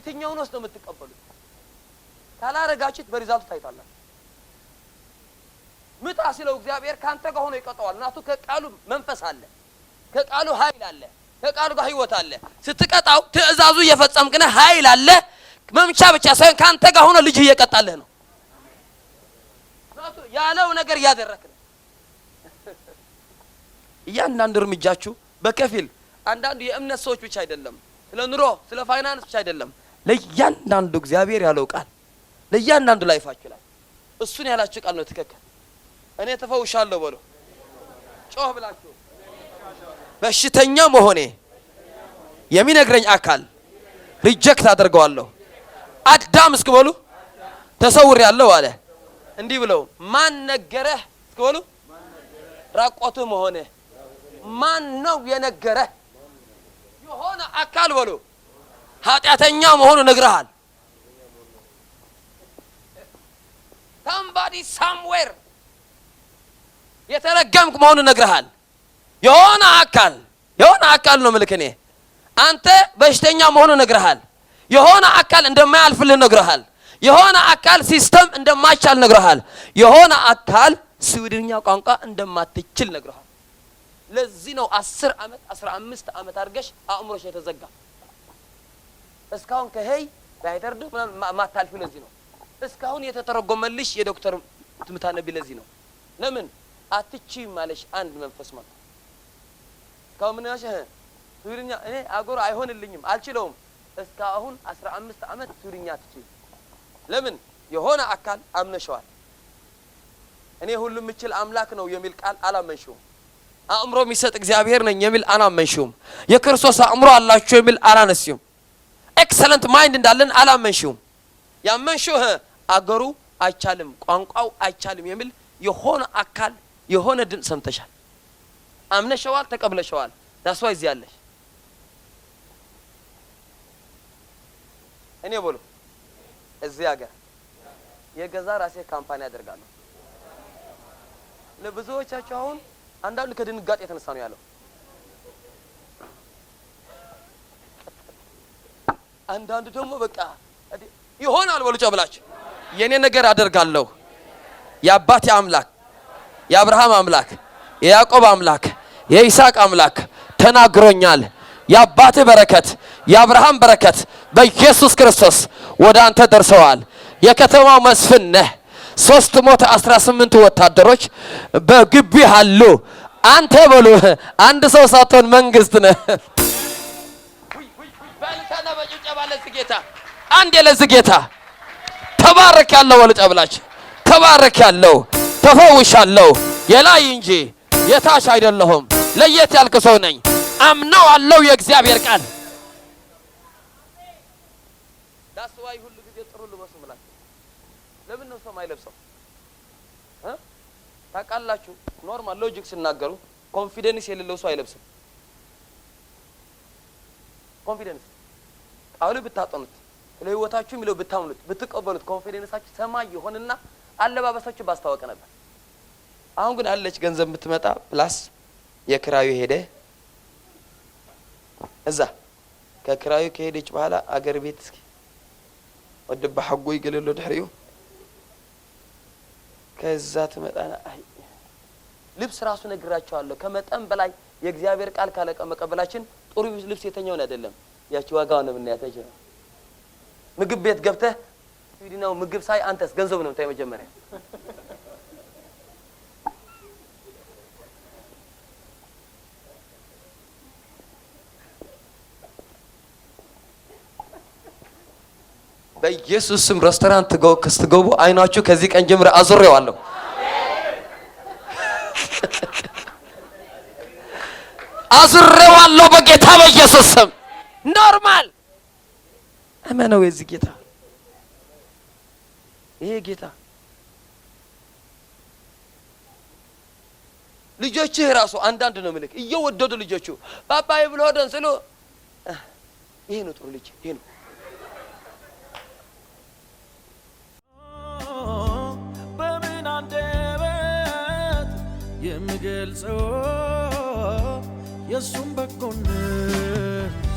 የትኛውን ወስጥ ነው የምትቀበሉት? ካላረጋችሁት በሪዛልቱ ታይታላችሁ። ምጣ ሲለው እግዚአብሔር ካንተ ጋር ሆኖ ይቀጠዋል። እናቱ ከቃሉ መንፈስ አለ፣ ከቃሉ ኃይል አለ፣ ከቃሉ ጋር ህይወት አለ። ስትቀጣው ትእዛዙ እየፈጸምክ ነህ። ኃይል አለ። መምቻ ብቻ ሳይሆን ካንተ ጋር ሆኖ ልጅ እየቀጣለህ ነው። ያለው ነገር እያደረክ ነው። እያንዳንዱ እርምጃችሁ በከፊል አንዳንዱ የእምነት ሰዎች ብቻ አይደለም፣ ስለ ኑሮ ስለ ፋይናንስ ብቻ አይደለም ለእያንዳንዱ እግዚአብሔር ያለው ቃል ለእያንዳንዱ ላይፋችሁ ላይ እሱን ያላችሁ ቃል ነው ትክክል። እኔ ተፈውሻለሁ በሎ ጮህ ብላችሁ። በሽተኛ መሆኔ የሚነግረኝ አካል ሪጀክት አድርገዋለሁ። አዳም እስክ በሉ ተሰውር ያለው አለ። እንዲህ ብለው ማን ነገረህ እስክ በሉ ራቆትህ መሆንህ ማን ነው የነገረህ? የሆነ አካል በሉ ኃጢአተኛ መሆኑ ነግረሃል። ሳምባዲ ሳምዌር የተረገምክ መሆኑ ነግረሃል። የሆነ አካል የሆነ አካል ነው ምልክ እኔ አንተ በሽተኛ መሆኑ ነግረሃል። የሆነ አካል እንደማያልፍልህ ነግረሃል። የሆነ አካል ሲስተም እንደማይቻል ነግረሃል። የሆነ አካል ስዊድንኛ ቋንቋ እንደማትችል ነግረሃል። ለዚህ ነው አስር ዓመት አስራ አምስት ዓመት አድርገሽ አእምሮሽ የተዘጋ እስካሁን ከሄይ ባይደርዱ ማታልፊው ለዚህ ነው። እስካሁን የተተረጎመልሽ የዶክተር ትምታነቢ ለዚህ ነው። ለምን አትቺ ማለሽ አንድ መንፈስ ማለት እስካሁን ምን ያሸህ ትግርኛ እኔ አገሩ አይሆንልኝም አልችለውም። እስካሁን አስራ አምስት ዓመት ትግርኛ አትቺ ለምን የሆነ አካል አምነሸዋል። እኔ ሁሉም የምችል አምላክ ነው የሚል ቃል አላመንሽውም። አእምሮ የሚሰጥ እግዚአብሔር ነኝ የሚል አላመንሽውም። የክርስቶስ አእምሮ አላችሁ የሚል አላነስም። ኤክሰለንት ማይንድ እንዳለን አላመንሽውም። ያመንሽው አገሩ አይቻልም፣ ቋንቋው አይቻልም የሚል የሆነ አካል የሆነ ድምፅ ሰምተሻል፣ አምነሸዋል፣ ተቀብለሸዋል። ዳስዋ ይዚ ያለሽ እኔ ቦሎ እዚህ ሀገር የገዛ ራሴ ካምፓኒ አደርጋለሁ ለብዙዎቻቸው አሁን አንዳንዱ ከድንጋጤ የተነሳ ነው ያለው አንዳንድ ደግሞ በቃ ይሆናል በሉጮ ብላችሁ የእኔ ነገር አደርጋለሁ። የአባቴ አምላክ የአብርሃም አምላክ የያዕቆብ አምላክ የይስሐቅ አምላክ ተናግሮኛል። የአባቴ በረከት የአብርሃም በረከት በኢየሱስ ክርስቶስ ወደ አንተ ደርሰዋል። የከተማው መስፍን ነህ። ሶስት ሞት አስራ ስምንት ወታደሮች በግቢ አሉ። አንተ በሉ አንድ ሰው ሳትሆን መንግስት ነህ። ጌታ አንድ የለዚህ ጌታ ተባረክ ያለው ወልጫ ብላችሁ ተባረክ ያለው ተፈውሻለሁ። የላይ እንጂ የታች አይደለሁም። ለየት ያልክ ሰው ነኝ። አምነው አለው የእግዚአብሔር ቃል ዳስዋይ ሁሉ ጊዜ ጥሩ ልበሱ ብላችሁ ለምን ነው ሰው ማይለብሰው? ታውቃላችሁ፣ ኖርማል ሎጂክ ሲናገሩ ኮንፊደንስ የሌለው ሰው አይለብስም። ኮንፊደንስ ቃሉ ብታጠኑት ለህይወታችሁ የሚለው ብታምኑት ብትቀበሉት ኮንፊደንሳችሁ ሰማይ ይሆንና አለባበሳችሁ ባስታወቀ ነበር። አሁን ግን አለች ገንዘብ የምትመጣ ፕላስ የክራዩ ሄደ እዛ ከክራዩ ከሄደች በኋላ አገር ቤት እስኪ ወደ ባሐጎ ይገለሎ ድሕሪኡ ከዛ ትመጣና ልብስ ራሱ ነግራቸዋለሁ። ከመጠን በላይ የእግዚአብሔር ቃል ካለቀ መቀበላችን ጥሩ ልብስ የተኛውን አይደለም። ያቺ ዋጋው ነው የምናያት። አይችልም ምግብ ቤት ገብተህ ስዊድናው ምግብ ሳይ አንተስ ገንዘብ ነው የምታይ መጀመሪያ። በኢየሱስ ስም ሬስቶራንት ስትገቡ አይናችሁ ከዚህ ቀን ጀምሮ አዞሬዋለሁ። አለው በጌታ በኢየሱስ ስም። ኖርማል እመነው። የዚህ ጌታ ይሄ ጌታ ልጆችህ ራሱ አንዳንድ ነው ምልክ እየወደዱ ልጆቹ ባባይ ብሎ ሆደን ስሉ ይሄ ነው ጥሩ ልጅ ይሄ ነው በምን አንደበት የምገልጸው የእሱም በጎነት